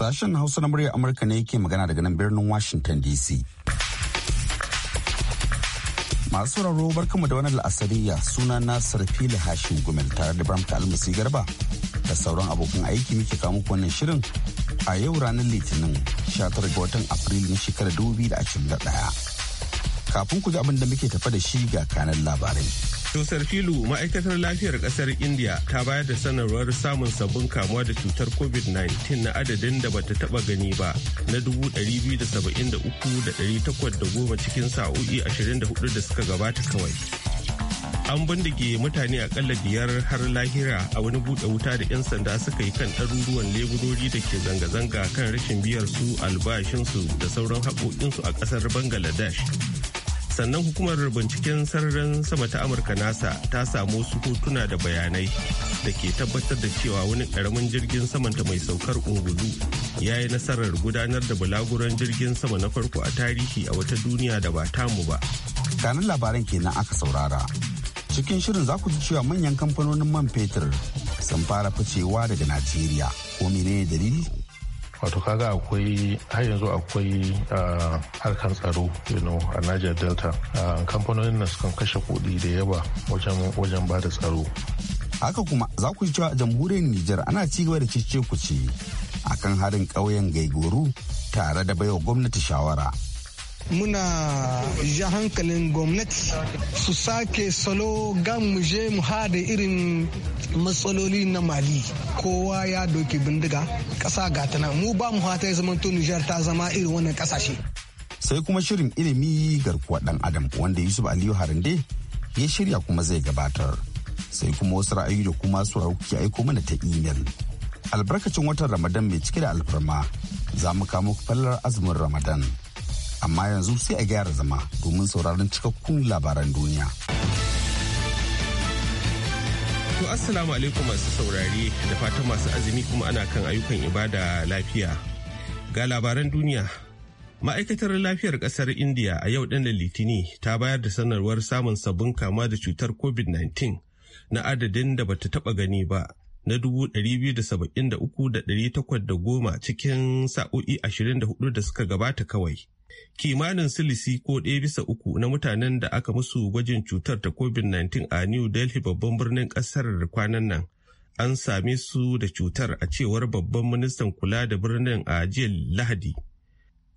Sashen Hausa na muryar Amurka ne yake magana daga nan birnin Washington DC. Masu raro barkamu da wani la'asariya suna na Sarfili Hashim Gumel tare da Bramta Almasi Garba da sauran abokan aiki muke kawo wannan shirin a yau ranar Litinin 19 ga watan Afrilu na shekarar 2021. Kafin ku ji abin da muke tafa da shi ga kanan labarai. Tusar filu ma'aikatar lafiyar kasar India ta bayar da sanarwar samun sabbin kamuwa da cutar COVID-19 na adadin da bata taba gani ba na 273,810 cikin sa'o'i 24 da suka gabata kawai. An bindige mutane akalla biyar har lahira a wani buɗe wuta da 'yan sanda suka yi kan ɗaruruwan leburori da ke zanga-zanga kan rashin biyar su albashinsu da sauran haƙoƙinsu a ƙasar Bangladesh. sannan hukumar binciken sararin sama ta amurka nasa ta samu wasu hotuna da bayanai da ke tabbatar da cewa wani karamin jirgin samanta mai saukar ungulu ya yi nasarar gudanar da bulaguran jirgin sama na farko a tarihi a wata duniya da ba tamu ba kanin labaran kenan aka saurara cikin shirin za ku ji cewa manyan kamfanonin man fetur sun fara ficewa daga najeriya ko menene dalili wato kaga akwai har yanzu akwai ah, harkar tsaro a niger delta ah, kamfanonin nan sukan kashe kuɗi da yawa wajen ba da tsaro haka kuma za ku ji cewa a jamhuriyar Nijar ana ci gaba da cece kuce akan harin ƙauyen Gaigoro tare da baiwa gwamnati shawara muna ja hankalin gwamnati su sake salo gan mu je mu hada irin matsaloli na mali kowa ya doki bindiga ƙasa gata tana mu ba mu hata ya zama to nijar ta zama irin wannan ƙasashe sai kuma shirin ilimi garkuwa dan adam wanda yusuf aliyu harande ya shirya kuma zai gabatar sai kuma wasu ra'ayi da kuma su rauki aiko mana ta imel albarkacin watan ramadan mai cike da alfarma za mu kamo fallar azumin ramadan amma yanzu sai a gyara zama domin sauraron cikakkun labaran duniya. To assalamu alaikum masu saurare da fatan masu azumi kuma ana kan ayyukan ibada lafiya. Ga labaran duniya. Ma'aikatar lafiyar kasar India a yau ɗan litini ta bayar da sanarwar samun sabbin kama da cutar COVID-19 na adadin da bata taba gani ba na da goma cikin sa'o'i 24 da suka gabata kawai. kimanin silisi ko ɗaya bisa uku na mutanen da aka musu gwajin cutar ta covid-19 a new delhi babban birnin ƙasar kwanan nan an same su da cutar a cewar babban ministan kula da birnin a jiya lahadi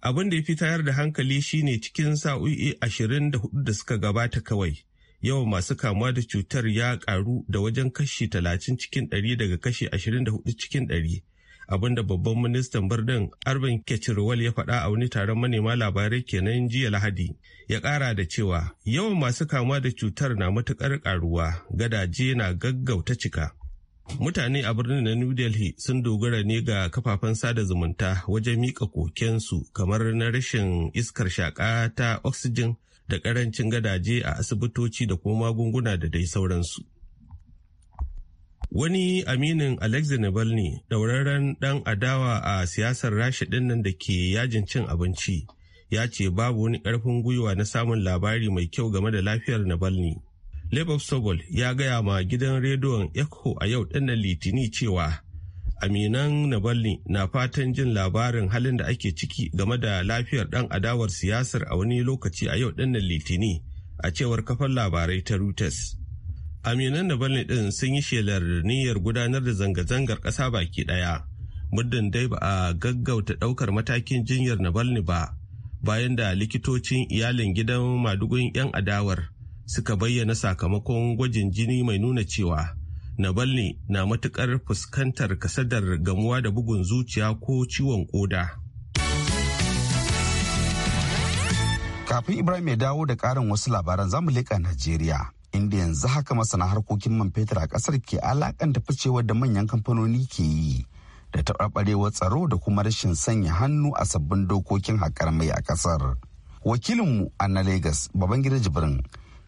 abin da ya fi tayar da hankali shine cikin sa'o'i ashirin da hudu da suka gabata kawai yawan masu kamuwa da cutar ya karu da wajen kashi talatin cikin ɗari daga kashi ashirin da hudu cikin ɗari. abinda babban ministan birnin arvin kecirwal ya faɗa a wani taron manema labarai kenan jiya lahadi ya ƙara da cewa yawan masu kama da cutar na matuƙar ƙaruwa gadaje na gaggauta cika mutane a birnin na new delhi sun dogara ne ga kafafen sada zumunta wajen miƙa kokensu kamar na rashin iskar shaƙa ta oxygen da ƙarancin gadaje a asibitoci da kuma magunguna da dai sauransu Wani aminin Alexei Navalny ɗauraren ɗan adawa a siyasar Rasha ɗin da ke yajin cin abinci ya ce babu wani ƙarfin gwiwa na samun labari mai kyau game da lafiyar Navalny. Lebov Sobol ya gaya ma gidan rediyon Ekho a yau ɗannan Litini cewa aminan Navalny na fatan jin labarin halin da ake ciki game da lafiyar ɗan adawar siyasar a wani lokaci a yau ɗannan Litini a cewar kafar labarai ta Reuters. aminan navalny din sun yi shelar niyyar gudanar da zanga-zangar ƙasa baki ɗaya muddin dai ba a gaggauta ɗaukar matakin jinyar Nabalni ba bayan da likitocin iyalin gidan madugun 'yan adawar suka bayyana sakamakon gwajin jini mai nuna cewa navalny na matukar fuskantar kasadar gamuwa da bugun zuciya ko ciwon koda. kafin ibrahim ya dawo da ƙarin wasu labaran zamu leƙa najeriya inda yanzu haka masana harkokin man fetur a kasar ke alakanta ficewar da manyan kamfanoni ke yi da taɓarɓarewar tsaro da kuma rashin sanya hannu a sabbin dokokin haƙar mai a kasar wakilinmu a na lagos babangida jibrin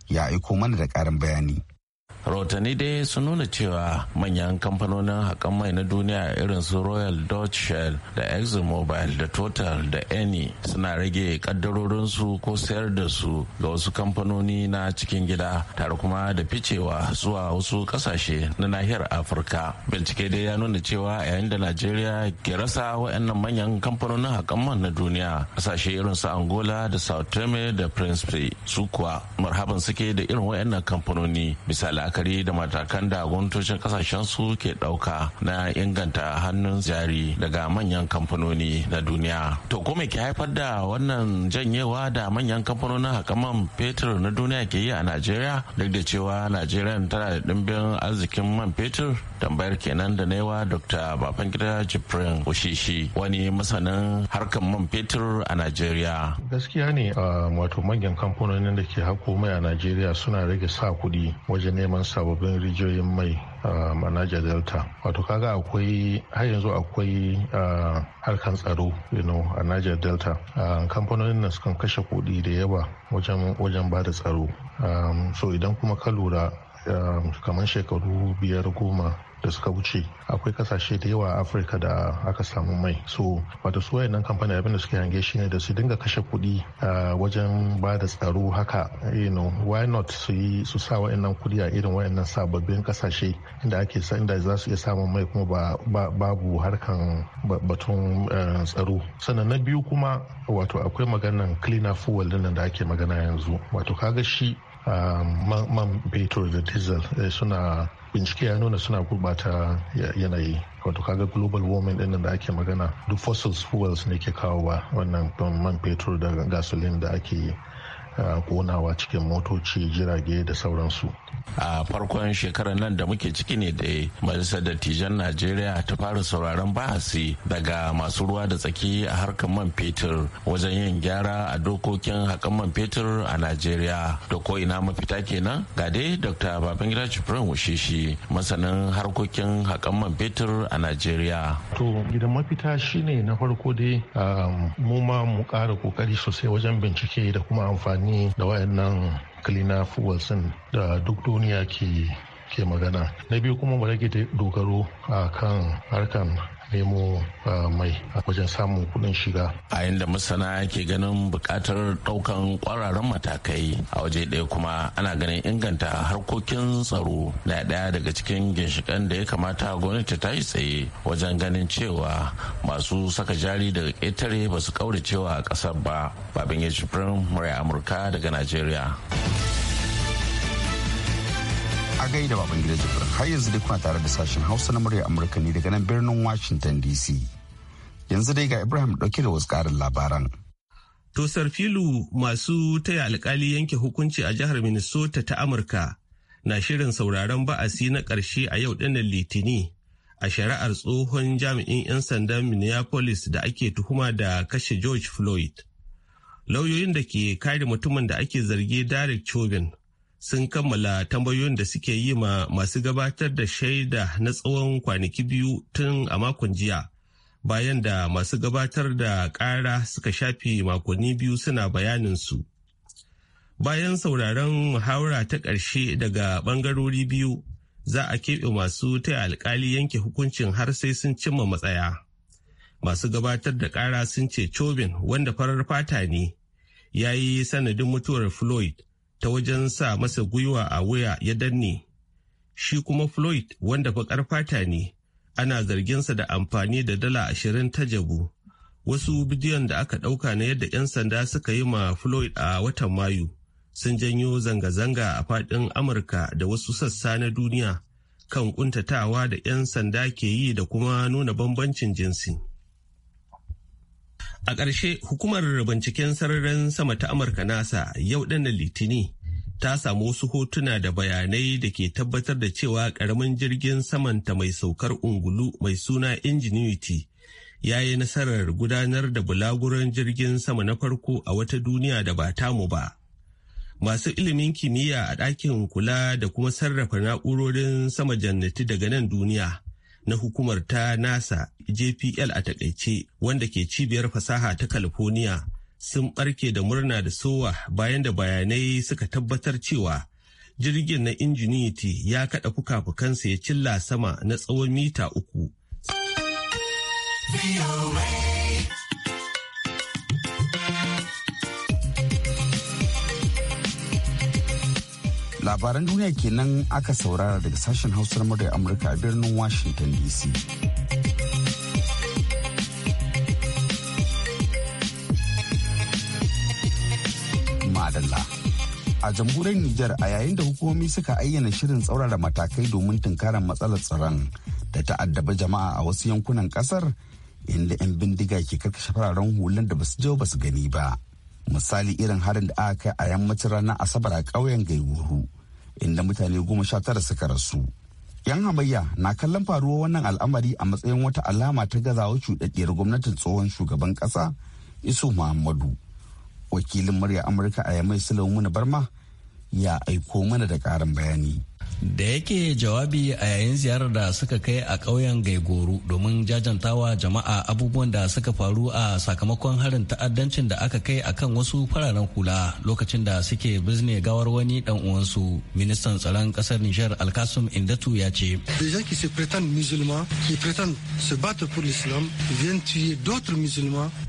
ya aiko mana da ƙarin bayani rahotanni dai sun nuna cewa manyan kamfanonin haƙan mai na duniya irin su royal dutch shell da exxonmobil da total da eni suna rage kaddarorinsu ko sayar da su ga wasu kamfanoni na cikin gida tare kuma da ficewa zuwa wasu kasashe na nahiyar afirka bincike dai ya nuna cewa yayin da najeriya ke rasa waɗannan manyan kamfanonin haƙan mai na duniya kasashe irin su angola da sao da prince su kuwa marhaban suke da irin waɗannan kamfanoni misali la'akari da matakan da gwamnatocin kasashen su ke ɗauka na inganta hannun jari daga manyan kamfanoni na duniya to kuma ki ke haifar da wannan janyewa da manyan kamfanonin hakaman fetur na duniya ke yi a najeriya duk da cewa najeriya tana da dimbin arzikin man fetur tambayar kenan da naiwa dr babangida jibrin oshishi wani masanin harkar man fetur a najeriya gaskiya ne ah, wato manyan kamfanonin da ke hako mai a najeriya suna rage sa kuɗi wajen neman sababbin rijiyoyin mai a Niger Delta. Wato kaga akwai har yanzu akwai harkan tsaro a Naja Delta. Kamfanonin nan sukan kashe kuɗi da yawa wajen wajen ba da tsaro. So idan kuma ka lura kamar shekaru biyar goma da suka wuce akwai kasashe da yawa a afirka da aka samu mai so wato su wayannan kamfani abin da suke hange shine da su dinga kashe kuɗi wajen ba da tsaro haka you know why not su yi su sa wayannan kuɗi a irin wayannan sababbin kasashe inda ake inda za su iya samun mai kuma ba babu harkan batun eh, tsaro sannan na biyu kuma wato akwai maganan cleaner fuel din da ake magana yanzu wato kaga shi Um, man fetur da diesel eh, suna bincike ya nuna suna gurɓata yanayi wato kaga global warming din da ake magana duk fossil fuels ne ke kawowa wannan man fetur da gasoline da ake yi konawa cikin motoci jirage da sauransu a farkon shekarar nan da muke ciki ne da majalisar dattijan najeriya ta fara sauraron bahasi daga masu ruwa da tsaki a harkar man fetur wajen yin gyara a dokokin haƙan man fetur a najeriya da ko ina mafita kenan ga dai dr babangida jibrin wushishi masanin harkokin haƙan man fetur a najeriya to gidan mafita shine na farko dai um, mu ma mu ƙara kokari sosai wajen bincike da kuma amfani amfani da wayannan cleaner fuels da duk duniya ke ke magana na biyu kuma mu rage dogaro a kan harkan nemo ah, mai wajen samun kudin shiga. A inda masana ke ganin bukatar daukan kwararren matakai a waje ɗaya kuma ana ganin inganta harkokin tsaro na ɗaya daga cikin ginshikan da ya kamata gwamnati ta yi tsaye wajen ganin cewa masu saka jari daga ƙetare ba su kauracewa a ƙasar ba. Babin ya murai Amurka daga Najeriya. a gaida baban gida jibir har yanzu dai kuna tare da sashen hausa na murya amurka ne daga nan birnin washington dc yanzu dai ga ibrahim dauke da wasu karin labaran to filu masu taya alkali yanke hukunci a jihar minnesota ta amurka na shirin sauraron ba'asi na karshe a yau dinnan litini a shari'ar tsohon jami'in 'yan sandan minneapolis da ake tuhuma da kashe george floyd lauyoyin da ke kare mutumin da ake zargi derek chauvin sun kammala tambayoyin da suke yi ma masu gabatar da shaida na tsawon kwanaki biyu tun a makon jiya bayan da masu gabatar da ƙara suka shafi makonni biyu suna bayanin su Bayan sauraron muhawara ta ƙarshe daga ɓangarori biyu za a keɓe masu taya alkali yanke hukuncin har sai sun cimma matsaya. Masu gabatar da ƙara sun ce Cobin wanda farar fata ne ya yi sanadin mutuwar Floyd ta wajen sa masa gwiwa a wuya ya danne shi kuma floyd wanda baƙar fata ne ana zarginsa da amfani da dala ashirin ta jabu wasu bidiyon da aka ɗauka na yadda 'yan sanda suka yi ma floyd a watan mayu sun janyo zanga-zanga a faɗin amurka da wasu sassa na duniya kan ƙuntatawa da 'yan sanda ke yi da kuma nuna bambancin jinsi. A ƙarshe hukumar binciken sararin sama ta Amurka NASA yau ɗana litini ta samu wasu hotuna da bayanai da ke tabbatar da cewa ƙaramin jirgin samanta mai saukar ungulu mai suna Ingenuity ya yi nasarar gudanar da bulaguran jirgin sama na farko a wata duniya da ba tamu ba. Masu ilimin kimiyya a ɗakin kula da kuma sarrafa na'urorin sama jannati daga nan duniya. na hukumar ta nasa jpl a takaice wanda ke cibiyar fasaha ta california sun barke da murna da sowa bayan da bayanai suka tabbatar cewa jirgin na ingenuity ya kada fuka-fukansa ya cilla sama na tsawon mita uku. labaran duniya kenan aka saurara daga sashen hausar murya amurka a birnin washington dc madalla a jamhuriyar Nijar a yayin da hukumomi suka ayyana shirin tsaurara matakai domin tunkarar matsalar tsaron da ta ta'addaba jama'a a wasu yankunan kasar inda 'yan bindiga ke karkashe fararen hulun da basu je basu gani ba misali irin harin da aka kai a yammacin ranar asabar a ƙauyen gaiwuru inda mutane goma sha tara suka rasu. 'Yan hamayya na kallon faruwa wannan al'amari a matsayin wata alama ta gazawa cuɗaɗɗiyar gwamnatin tsohon shugaban ƙasa iso Muhammadu. Wakilin murya Amurka a Yamai Sulaimu Barma ya aiko mana da ƙarin bayani. da yake jawabi a yayin ziyarar da suka kai a ƙauyen gaigoro domin jajantawa jama'a abubuwan da suka faru a sakamakon harin ta'addancin da aka kai akan wasu fararen hula lokacin da suke bizne gawar wani dan uwansu ministan tsaron ƙasar nijar alkasum indatu ya ce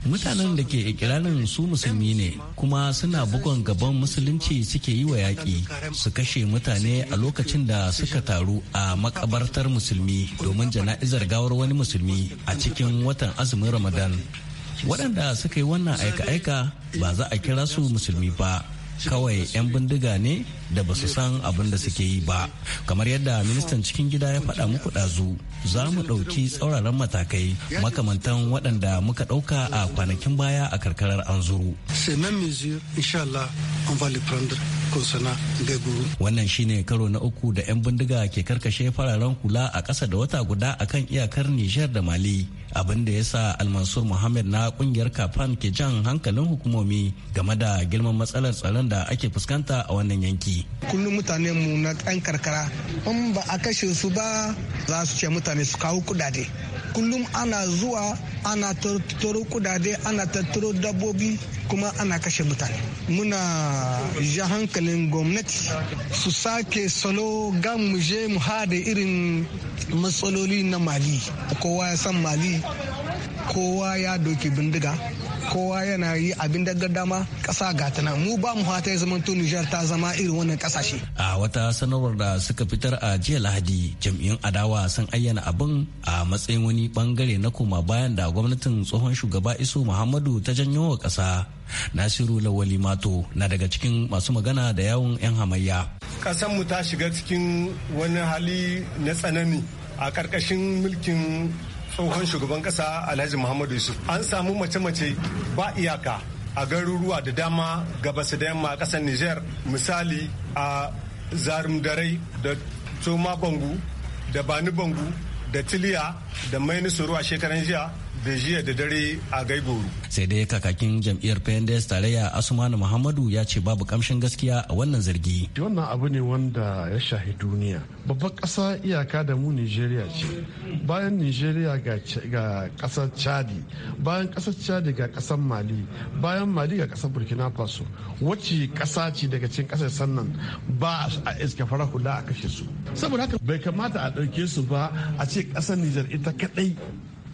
mutanen da ke ikirarin su musulmi ne kuma suna bugon gaban musulunci suke yi wa yaƙi su kashe mutane a lokacin lokacin da suka taru a makabartar musulmi domin jana'izar gawar wani musulmi a cikin watan azumin Ramadan. Waɗanda suka yi wannan aika-aika ba za a kira su musulmi ba. kawai 'yan bindiga ne da ba su san abin da suke yi ba kamar yadda ministan cikin gida ya faɗa muku ɗazu za mu ɗauki tsauraran matakai makamantan waɗanda muka ɗauka a kwanakin baya a karkarar anzuru. kunsana gaiguru. Wannan shine karo na uku da 'yan bindiga ke karkashe fararen kula a ƙasa da wata guda akan iyakar Nijar da Mali. abin da ya sa almansur muhammad na kungiyar kafan ke jan hankalin hukumomi game da girman matsalar tsaron da ake fuskanta a wannan yanki kullum mutane mu na ɗan karkara in ba a kashe su ba za su ce mutane su kawo kudade kullum ana zuwa ana tattaro kudade ana tattaro dabbobi kuma ana kashe mutane muna ji hankalin gwamnati su sake salo gan mu je mu hada irin matsaloli na mali kowa ya san mali kowa ya doki bindiga kowa yana yi abin daga dama kasa gata tana mu ba mu hata ya zama Nijar ta zama irin wannan kasashe. A wata sanarwar da suka fitar a jiya Lahadi jam'iyyun adawa sun ayyana abin a matsayin wani bangare na koma bayan da gwamnatin tsohon shugaba iso Muhammadu ta janyo wa kasa. Nasiru Lawali Mato na daga cikin masu magana da yawun 'yan hamayya. mu ta shiga cikin wani hali na tsanani a ƙarƙashin mulkin tsohon shugaban kasa alhaji muhammadu yusuf an samu mace-mace ba iyaka a garuruwa da dama gabas da yamma a kasar niger misali a zarum da toma bangu da bani bangu da tiliya da mainisoro a shekaran jiya da jiya da dare a gaigoro. sai dai kakakin jam'iyyar pnds tarayya asumanu muhammadu ya ce babu kamshin gaskiya a wannan zargi wannan abu ne wanda ya shahi duniya babban kasa iyaka da mu nigeria ce bayan nigeria ga ƙasar chadi bayan ƙasar chadi ga ƙasar mali bayan mali ga ƙasar burkina faso wacce ƙasa ce daga cikin ƙasar sannan ba a iska fara hula a kashe su saboda haka bai kamata a ɗauke su ba a ce ƙasar nijar ita kaɗai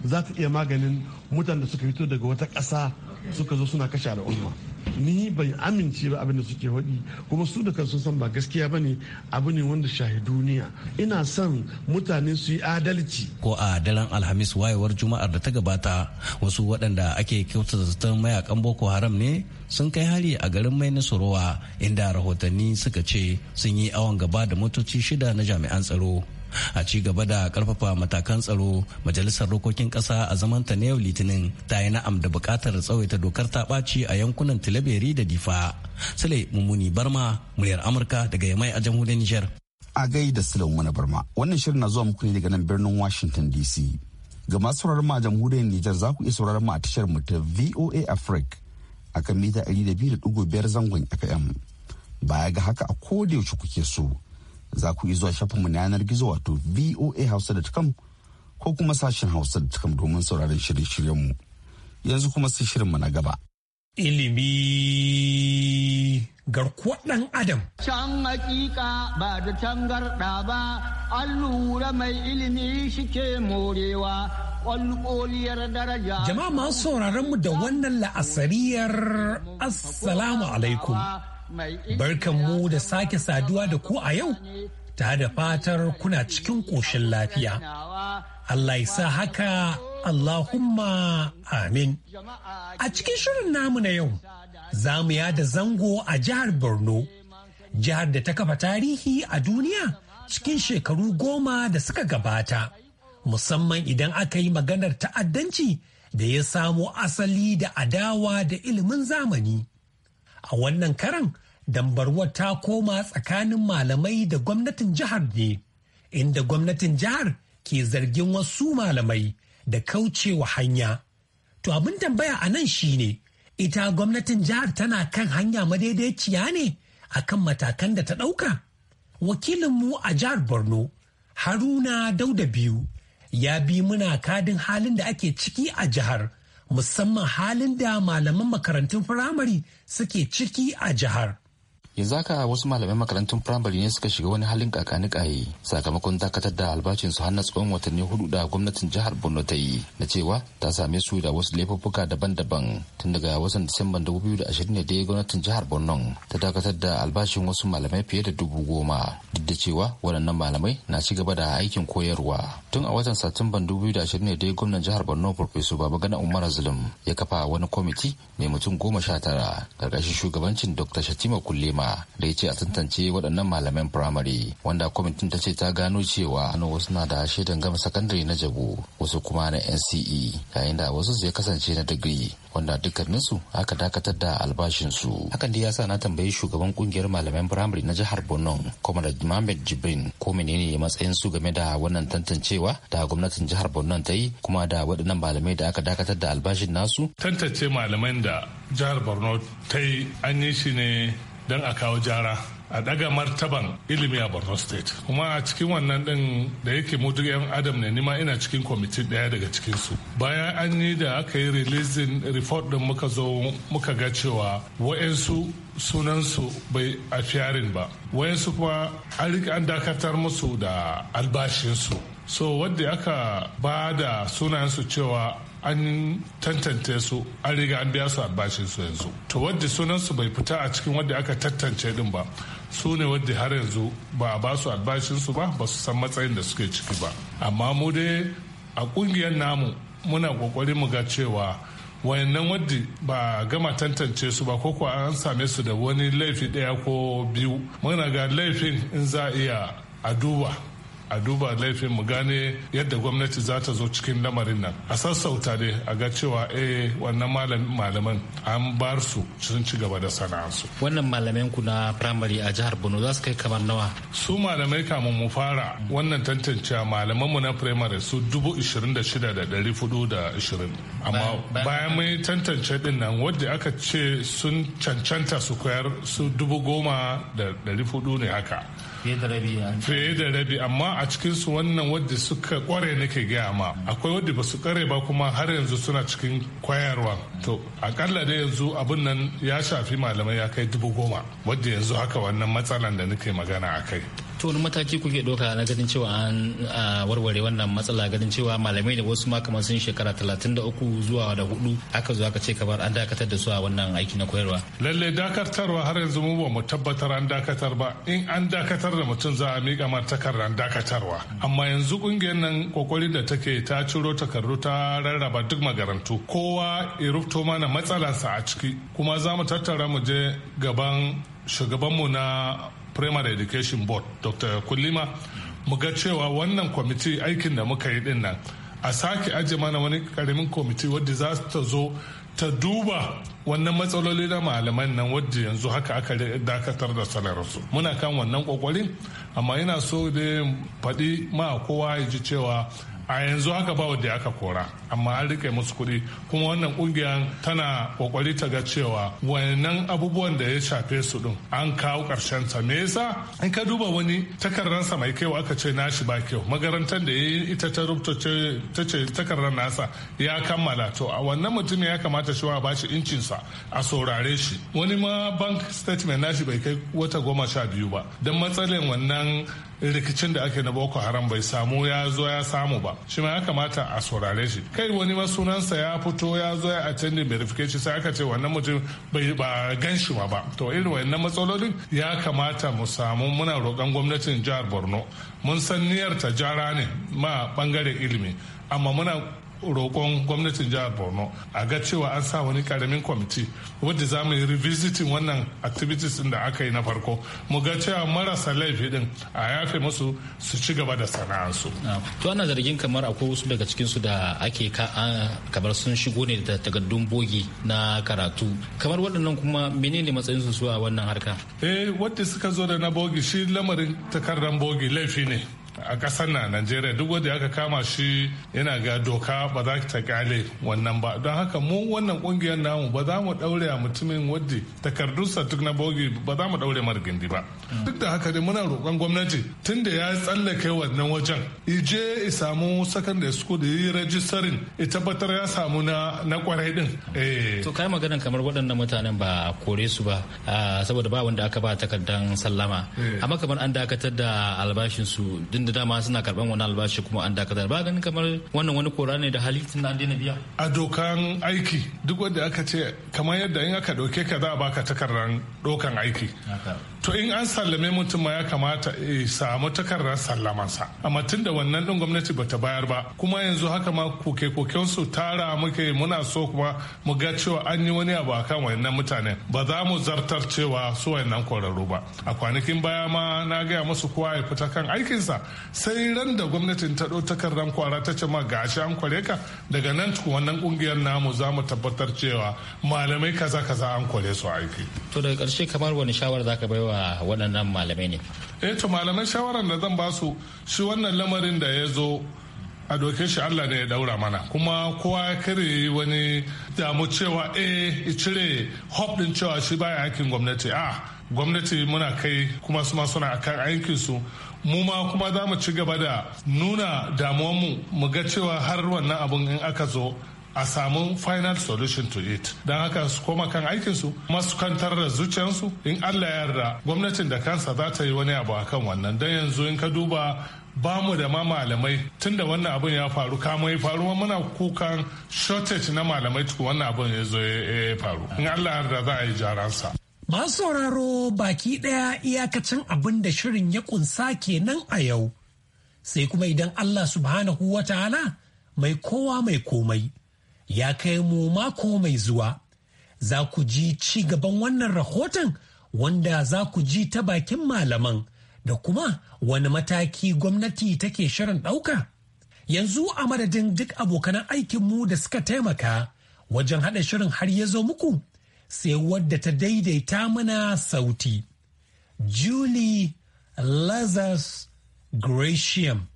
za ta iya maganin mutanen da suka fito daga wata ƙasa suka zo suna kashe al'umma ni bai amince ba abin da suke faɗi kuma su da kansu san ba gaskiya ba ne abu ne wanda shahi duniya ina son mutane su yi adalci ko a daren alhamis wayewar juma'ar da ta gabata wasu waɗanda ake kyautata zaton mayakan boko haram ne sun kai hari a garin mai nasarowa inda rahotanni suka ce sun yi awon gaba da motoci shida na jami'an tsaro a ci gaba da karfafa matakan tsaro majalisar dokokin kasa a zaman ta na yau litinin ta yi na'am da bukatar tsawaita dokar ta ɓaci a yankunan tilaberi da difa sule mummuni barma muryar amurka daga yamai a jamhuriyar nijar. a gaida sule mummuni barma wannan shirin na zuwa muku ne daga nan birnin washington dc ga masu sauraron ma jamhuriyar nijar za ku iya sauraron mu a tashar mu ta voa africa akan mita 200.5 zangon FM. Baya ga haka a koda yaushe kuke so za ku yi zuwa shafinmu na yanar gizo wato hausa voahausa.com ko kuma sashen hausa.com domin sauraron shirye-shiryenmu. Yanzu kuma sai shirinmu na gaba. ilimi garkuwar ɗan adam. Can hakika ba da tangarɗa ba, an lura mai ilimi shike morewa, ƙwalƙoliyar daraja. Jama'a masu sauraron mu da wannan la'asariyar Assalamu alaikum. Barkan mu da sake saduwa da ku a yau, ta da fatar kuna cikin ƙoshin lafiya. Allah ya sa haka Allahumma amin. A cikin shirin namu na yau, za mu yada zango a jihar Borno, jihar da ta kafa tarihi a duniya cikin shekaru goma da suka gabata, musamman idan aka yi maganar ta'addanci da ya samo asali da adawa da ilimin zamani. A wannan karan, dambarwar ta koma tsakanin malamai da gwamnatin jihar ne, inda gwamnatin jihar ke zargin wasu malamai da kaucewa hanya. To abin tambaya a nan shi ne, ita gwamnatin jihar tana kan hanya madaidaiciya ne a kan matakan da ta ɗauka. Wakilinmu a jihar Borno, Haruna Dauda biyu, ya bi muna kadin halin da ake ciki a jihar, musamman halin da malaman makarantun firamare suke ciki a jihar. yanzu haka wasu malamai makarantun firamare ne suka shiga wani halin kakanikaye sakamakon dakatar da su har na tsawon watanni hudu da gwamnatin jihar borno ta yi na cewa ta same su da wasu laifuffuka daban-daban tun daga watan disamban 2020 ne gwamnatin jihar borno ta dakatar da albashin wasu malamai fiye da dubu goma duk da cewa waɗannan malamai na ci gaba da aikin koyarwa tun a watan satumban 2020 ne jihar borno farfesu Gana umar zulum ya kafa wani kwamiti mai mutum goma sha tara ƙarƙashin shugabancin dr shatima kullema al'umma da ya ce a tantance waɗannan malaman firamare wanda kwamitin ta ce ta gano cewa ana wasu na da shaidan gama sakandare na jabo wasu kuma na nce yayin da wasu su ya kasance na digiri wanda dukkaninsu aka dakatar da albashinsu hakan da ya sa na tambayi shugaban kungiyar malaman firamare na jihar borno da mohammed jibrin ko menene matsayin su game da wannan tantancewa da gwamnatin jihar borno ta yi kuma da waɗannan malamai da aka dakatar da albashin nasu tantance malaman da jihar borno ta yi an yi shi ne don a kawo jara a daga martaban ilimi a borno state kuma a cikin wannan din da yake mu duk yan adam ne nima ina cikin kwamitin daya daga cikinsu bayan an yi da aka yi releasing report din muka zo muka ga cewa wayansu sunansu bai a fiyarin ba wayansu kuma an rika an dakatar musu da albashinsu so wadda aka ba da sunansu cewa an tantance su an riga an biya su albashin su yanzu to wadda sunan su bai fita a cikin wadda aka tantance din ba su ne wadda har yanzu ba a ba su albashin su ba ba su san matsayin da suke ciki ba amma mu dai a kungiyar namu muna kokarin mu ga cewa wayannan wadda ba gama tantance su ba ko kuwa an same su da wani laifi daya ko biyu muna ga laifin in za a iya a duba a duba laifin mu gane yadda gwamnati za ta zo cikin lamarin nan a sassauta ne a ga cewa eh wannan malaman an bar su sun ci gaba da sana'arsu wannan malamai ku na primary a jihar Borno za su kai kamar nawa su malamai kamun mu fara wannan tantancewa malaman mu na primary su dubu ishirin da shida da dari fudu da ishirin amma bayan mai tantance din nan wadda aka ce sun cancanta su koyar su dubu goma da dari fudu ne haka fiye da rabi amma a cikin su wannan wadda suka kware nake gaya ma akwai wadda ba su kare ba kuma har yanzu suna cikin kwayarwa to akalla da yanzu abin nan ya shafi malamai ya kai dubu goma wadda yanzu haka wannan matsalan da nake magana a kai to wani mataki kuke doka na ganin cewa an warware wannan matsala ganin cewa malamai da wasu ma kamar sun shekara talatin da zuwa da hudu aka zo aka ce kamar an dakatar da su a wannan aiki na koyarwa. lalle dakatarwa har yanzu mu ba mu tabbatar an dakatar ba in an dakatar da mutum za a miƙa mar takardar dakatarwa amma yanzu kungiyar nan kokari da take ta ciro takardu ta rarraba duk magarantu kowa ya rubuto mana matsalarsa a ciki kuma za mu tattara mu je gaban shugabanmu na primary education board dr Kulima mu ga cewa wannan kwamiti aikin da muka yi din nan a sake ajiye mana wani karamin kwamiti wadda za ta zo ta duba wannan matsaloli na malaman nan wadda yanzu haka aka dakatar da sanararsu muna kan wannan kokarin amma yana so da faɗi ma kowa ya ji cewa a yanzu haka ba wadda aka kora amma an rike musu kuɗi kuma wannan ƙungiyar tana kokari ta ga cewa wannan abubuwan da ya shafe su din an kawo karshen ta me yasa in ka duba wani sa mai kyau aka ce nashi ba kyau magarantar da yayi ita ta rubuta ta ce takardar nasa ya kammala to a wannan mutumin ya kamata shi wa ba shi incinsa a saurare shi wani ma bank statement nashi bai kai wata goma sha biyu ba don matsalin wannan rikicin da ake na boko haram bai samu ya zo ya samu ba shi ma ya kamata a saurare shi kai wani ma sunansa ya fito ya zo ya attending verification sai aka ce wannan mutum bai ba gan shi ma ba to irin wannan matsalolin ya kamata mu samu muna roƙon gwamnatin jihar borno mun san niyyar ta jara ne ma bangare ilimi amma muna roƙon gwamnatin jihar borno a ga cewa an sa wani karamin kwamiti wadda za mu yi revisiting wannan activities da aka yi na farko mu ga cewa marasa laifi din a yafe musu su ci gaba da sana'ansu. to ana zargin kamar akwai wasu daga cikin su da ake ka kamar sun shigo ne da takardun bogi na karatu kamar waɗannan kuma menene matsayin su a wannan harka. eh wadda suka zo da na bogi shi lamarin takardar bogi laifi ne a ƙasar na najeriya duk wanda aka kama shi yana ga doka ba za ta kale wannan ba don haka mu wannan kungiyar namu ba za mu daure a mutumin wadda takardunsa duk na bogi ba za mu daure mar ba duk da haka dai muna roƙon gwamnati tun da ya tsallake wannan wajen ije i samu secondary school da yi rajistarin i tabbatar ya samu na na kwarai din eh. to kai maganan kamar waɗannan mutanen ba kore su ba ah, saboda ba wanda aka ba takardan sallama eh. amma kamar an dakatar da albashin su tun da dama suna karban wani albashi kuma an dakatar ba ganin kamar wannan wani kora ne da hali na an daina biya a dokan aiki duk wanda aka ce kamar yadda in aka dauke ka za a baka takardar dokan aiki to in an sallame mutum ma ya kamata ya samu takardar sallamansa amma tun da wannan din gwamnati bata bayar ba kuma yanzu haka ma koke koken su tara muke muna so kuma mu ga cewa an yi wani abu akan wayannan mutane ba za mu zartar cewa su wayannan kwararru ba a kwanakin baya ma na gaya musu kowa ya fita kan aikinsa sai ran da gwamnatin ta ɗau takardar kwara ta ce ma gashi an kware ka daga nan wannan kungiyar namu za mu tabbatar cewa malamai kaza kaza an kware su aiki to daga karshe kamar wani shawara zaka baiwa wa waɗannan malamai ne eh to malamai shawarar da zan basu shi wannan lamarin da ya zo a doke shi Allah ne ya daura mana kuma kowa ya kare wani damu cewa eh cire hop din cewa shi baya aikin gwamnati a gwamnati muna kai kuma su ma suna akan aikin su mu ma kuma za mu ci gaba da nuna damuwanmu mu ga cewa har wannan abun in aka zo a samu final solution to it don haka su koma kan aikinsu masu kantar da zuciyarsu in allah ya yarda gwamnatin da kansa za ta yi wani abu akan wannan don yanzu in ka duba ba mu da ma malamai tun da wannan abin ya faru kama ya faru muna kukan shortage na malamai tuku wannan abin ya zo ya faru in allah yarda za a yi jaransa masu sauraro baki daya iyakacin abin da shirin ya kunsa kenan a yau sai kuma idan allah subhanahu wa ta'ala mai kowa mai komai ya kai mu mako mai zuwa za ku ji ci gaban wannan rahoton wanda za ku ji ta bakin malaman da kuma wani mataki gwamnati take shirin ɗauka. Yanzu a madadin duk abokan aikinmu da suka taimaka wajen haɗa shirin har ya zo muku sai wadda ta daidaita mana sauti. Julie Lazarus Gratiam,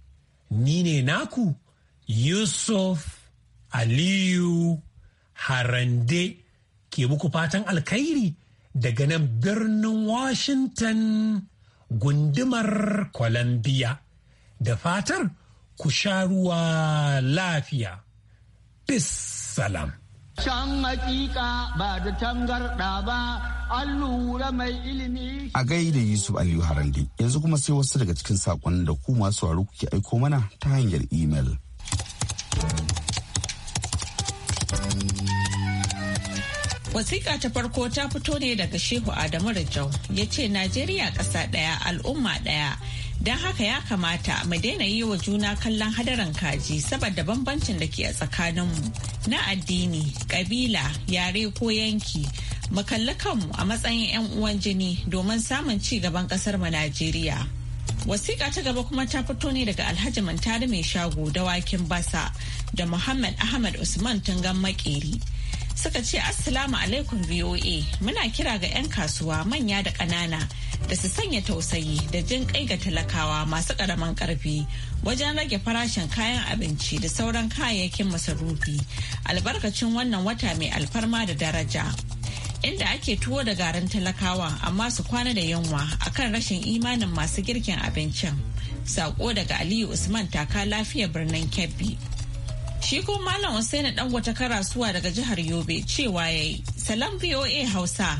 ni ne naku Yusuf Aliyu Harande ke muku fatan alkhairi daga nan birnin Washington gundumar Columbia da fatar ku sha ruwa lafiya. Bis salam. Shan hakika ba da tangarda ba, allura mai ilimi. A gaida Yusuf Aliyu Harande, yanzu kuma sai wasu daga cikin saƙon da ku masu kuke aiko mana ta hanyar imel. Wasiƙa ta farko ta fito ne daga Shehu Adamu Rajau ya ce Najeriya ƙasa ɗaya al'umma ɗaya. Don haka ya kamata mu daina yi wa juna kallon hadarin kaji saboda bambancin da ke a tsakaninmu na addini, ƙabila, yare ko yanki. Mu kalli kanmu a matsayin 'yan uwan jini domin samun ci gaban ƙasar mu Najeriya. Wasiƙa ta gaba kuma ta fito ne daga Alhaji Mantari mai shago da wakin basa da Muhammad Ahmad Usman tun gan Makeri. suka ce assalamu alaikum voa muna kira ga 'yan kasuwa manya da ƙanana da su sanya tausayi da jin kai ga talakawa masu ƙaramin ƙarfi wajen rage farashin kayan abinci da sauran kayayyakin masarufi albarkacin wannan wata mai alfarma da daraja inda ake tuwo da garin talakawa amma su kwana da yunwa akan rashin imanin masu girkin abincin sako daga aliyu usman taka lafiya birnin kebbi Shi ko Malam na dan wata karasuwa daga jihar Yobe cewa yayi Salam VOA Hausa.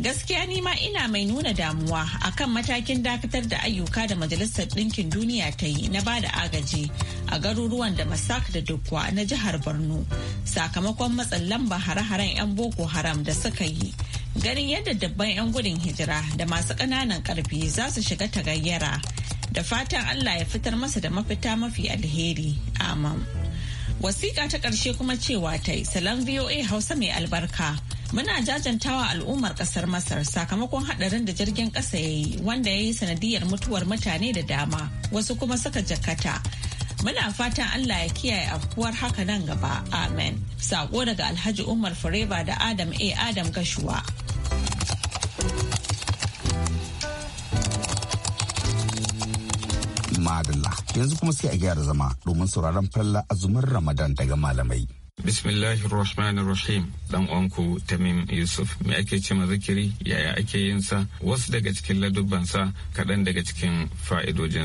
Gaskiya ni ma ina mai nuna damuwa akan matakin dakatar da ayyuka da Majalisar Ɗinkin Duniya ta yi na bada agaji a garuruwan da Masak da Dukwa na jihar Borno sakamakon matsin lamba hare-haren 'yan Boko Haram da suka yi. Ganin yadda dabban 'yan gudun hijira da masu ƙananan ƙarfi za su shiga tagayyara. Da fatan Allah ya fitar masa da mafita mafi alheri. amam Wasiƙa ta ƙarshe kuma cewa ta yi salon VOA Hausa mai albarka. Muna jajantawa al'ummar ƙasar Masar sakamakon haɗarin da jirgin ƙasa ya yi wanda ya yi sanadiyar mutuwar mutane da dama wasu kuma suka jakata. Muna fatan Allah ya kiyaye afkuwar haka nan gaba. Amen. Sako daga Alhaji Umar Fureba da Adam A. Adam Gashuwa. yanzu kuma sai a gyara zama domin sauraron falla azumin ramadan daga malamai bismillahir rahmanir rahim dan uwanku tamim yusuf me ake ce zikiri yaya ake yin sa wasu daga cikin sa kadan daga cikin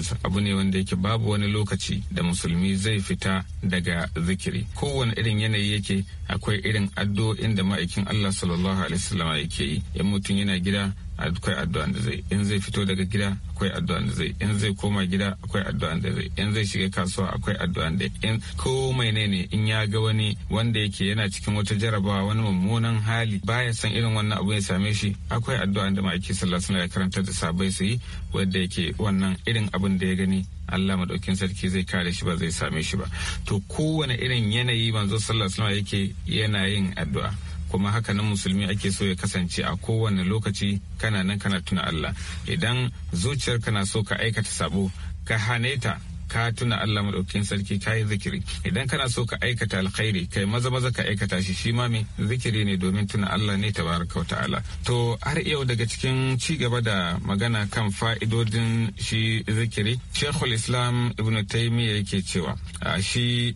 sa abu ne wanda yake babu wani lokaci da musulmi zai fita daga zikiri kowane irin yanayi yake akwai irin addu'o'in da ma'aikin allah sallallahu alaihi wasallam yake yi in mutum yana gida akwai addu'an da zai in zai fito daga gida akwai addu'an da zai in zai koma gida akwai addu'an da zai in zai shiga kasuwa akwai addu'an da in komai ne ne in ya ga wani wanda yake yana cikin wata jarabawa wani mummunan hali baya san irin wannan abu ya same shi akwai addu'a da ma sallallahu sallah ya karanta da sabai su yi wanda yake wannan irin abin da ya gani Allah madaukin sarki zai kare shi ba zai same shi ba to kowane irin yanayi manzo sallallahu alaihi yake yana yin addu'a kuma haka nan musulmi ake so ya kasance a kowane lokaci kana nan kana tuna Allah idan zuciyarka na so ka aikata sabo ka hane ta ka tuna Allah maɗaukin sarki ka yi zikiri idan kana so ka aikata alkhairi kai maza maza ka aikata shi shi ma me zikiri ne domin tuna Allah ne tabaraka wa ta'ala to har yau daga cikin ci gaba da magana kan fa'idodin shi zikiri Sheikhul Islam Ibn Taymiyyah yake cewa shi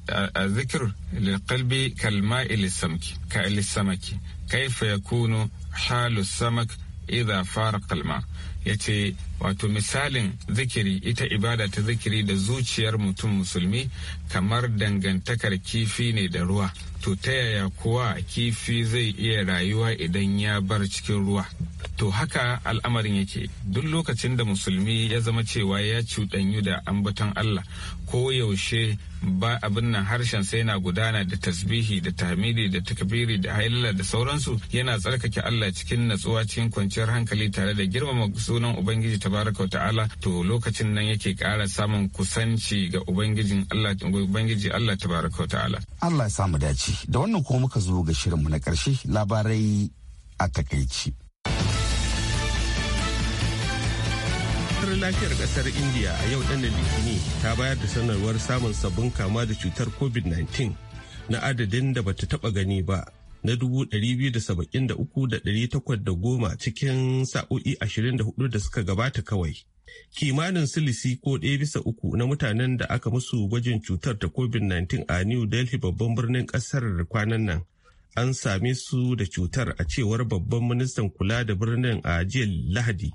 zikir lil qalbi kal ka lisamaki kaifa yakunu halu samak idha faraqa al ya ce wato misalin zikiri ita ibada ta zikiri da zuciyar mutum musulmi kamar dangantakar kifi ne da ruwa to ta yaya kuwa kifi zai iya rayuwa idan ya bar cikin ruwa To haka al'amarin yake duk lokacin da musulmi ya zama cewa ya cuɗanyu da ambaton Allah ko yaushe ba abin nan harshen sai na gudana da tasbihi da tahmidi da takbiri da hailala da sauransu yana tsarkake Allah cikin natsuwa cikin kwanciyar hankali tare da girmama sunan Ubangiji tabaraka wa ta'ala to lokacin nan yake ƙara samun kusanci ga Ubangijin Allah Ubangiji Allah tabaraka wa ta'ala. Allah ya samu dace da wannan kuma muka zo ga shirinmu na ƙarshe labarai a takaici. lafiyar kasar india a yau ɗan litini ta bayar da sanarwar samun sabbin kama da cutar covid-19 na adadin da bata taba gani ba na 273,810 cikin sa'o'i 24 da suka gabata kawai. Kimanin silisi ko ɗaya bisa uku na mutanen da aka musu gwajin cutar ta COVID-19 a New Delhi babban birnin ƙasar kwanan nan. An same su da cutar a cewar babban ministan kula da birnin a jiya Lahadi.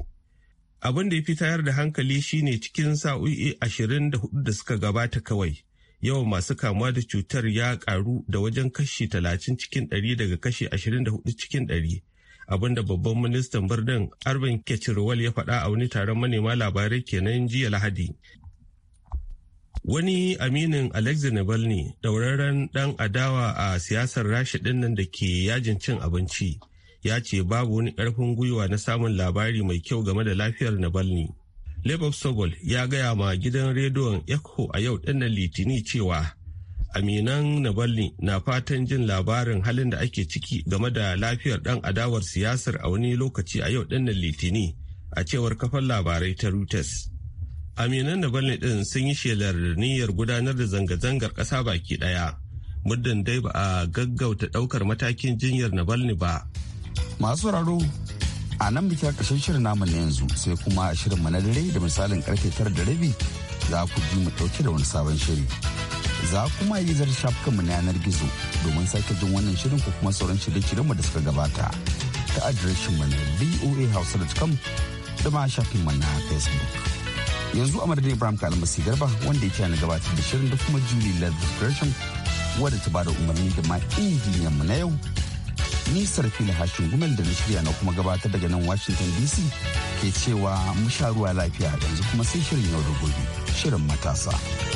abin da ya fi tayar da hankali shine cikin sa'o'i ashirin da hudu da suka gabata kawai yawan masu kamuwa da cutar ya karu da wajen kashi talatin cikin ɗari daga kashi ashirin da hudu cikin ɗari abin da babban ministan birnin arvin kecirwal ya faɗa a wani taron manema labarai kenan jiya lahadi wani aminin alexei navalny dauraren ɗan adawa a siyasar Rasha ɗinnan da ke yajin cin abinci ya ce babu wani ƙarfin gwiwa na samun labari mai kyau game da lafiyar Navalny. Lebov Sobol ya gaya ma gidan rediyon Echo a yau ɗan Litini cewa aminan Navalny na fatan jin labarin halin da ake ciki game da lafiyar ɗan adawar siyasar a wani lokaci a yau ɗan Litini a cewar kafar labarai ta Reuters. Aminan Navalny ɗin sun yi shelar niyyar gudanar da zanga-zangar ƙasa baki ɗaya. Muddin dai ba a gaggauta ɗaukar matakin jinyar Navalny ba, masu sauraro a nan muke ƙarshen shirin namu na yanzu sai kuma a shirinmu na dare da misalin karfe tara da rabi za ku ji mu ɗauke da wani sabon shiri za kuma yi zar shafukanmu na yanar gizo domin sake jin wannan shirin ko kuma sauran shirye mu da suka gabata ta adireshin mu na voahouse.com da ma mu na facebook yanzu a madadin ibrahim kalmasi garba wanda ya na gabatar da shirin da kuma julie lazarus gresham wadda ta bada umarni da ma mu na yau Ni fili hashin gumel da na shirya na kuma gabatar daga nan Washington DC ke cewa mu sha ruwa lafiya yanzu kuma sai shirin yau da gobe shirin matasa.